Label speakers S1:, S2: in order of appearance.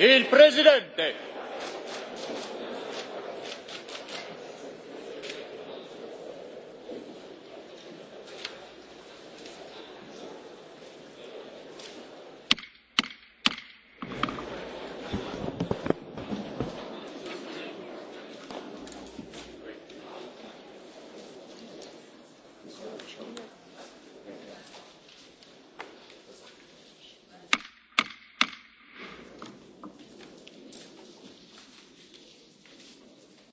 S1: Il Presidente.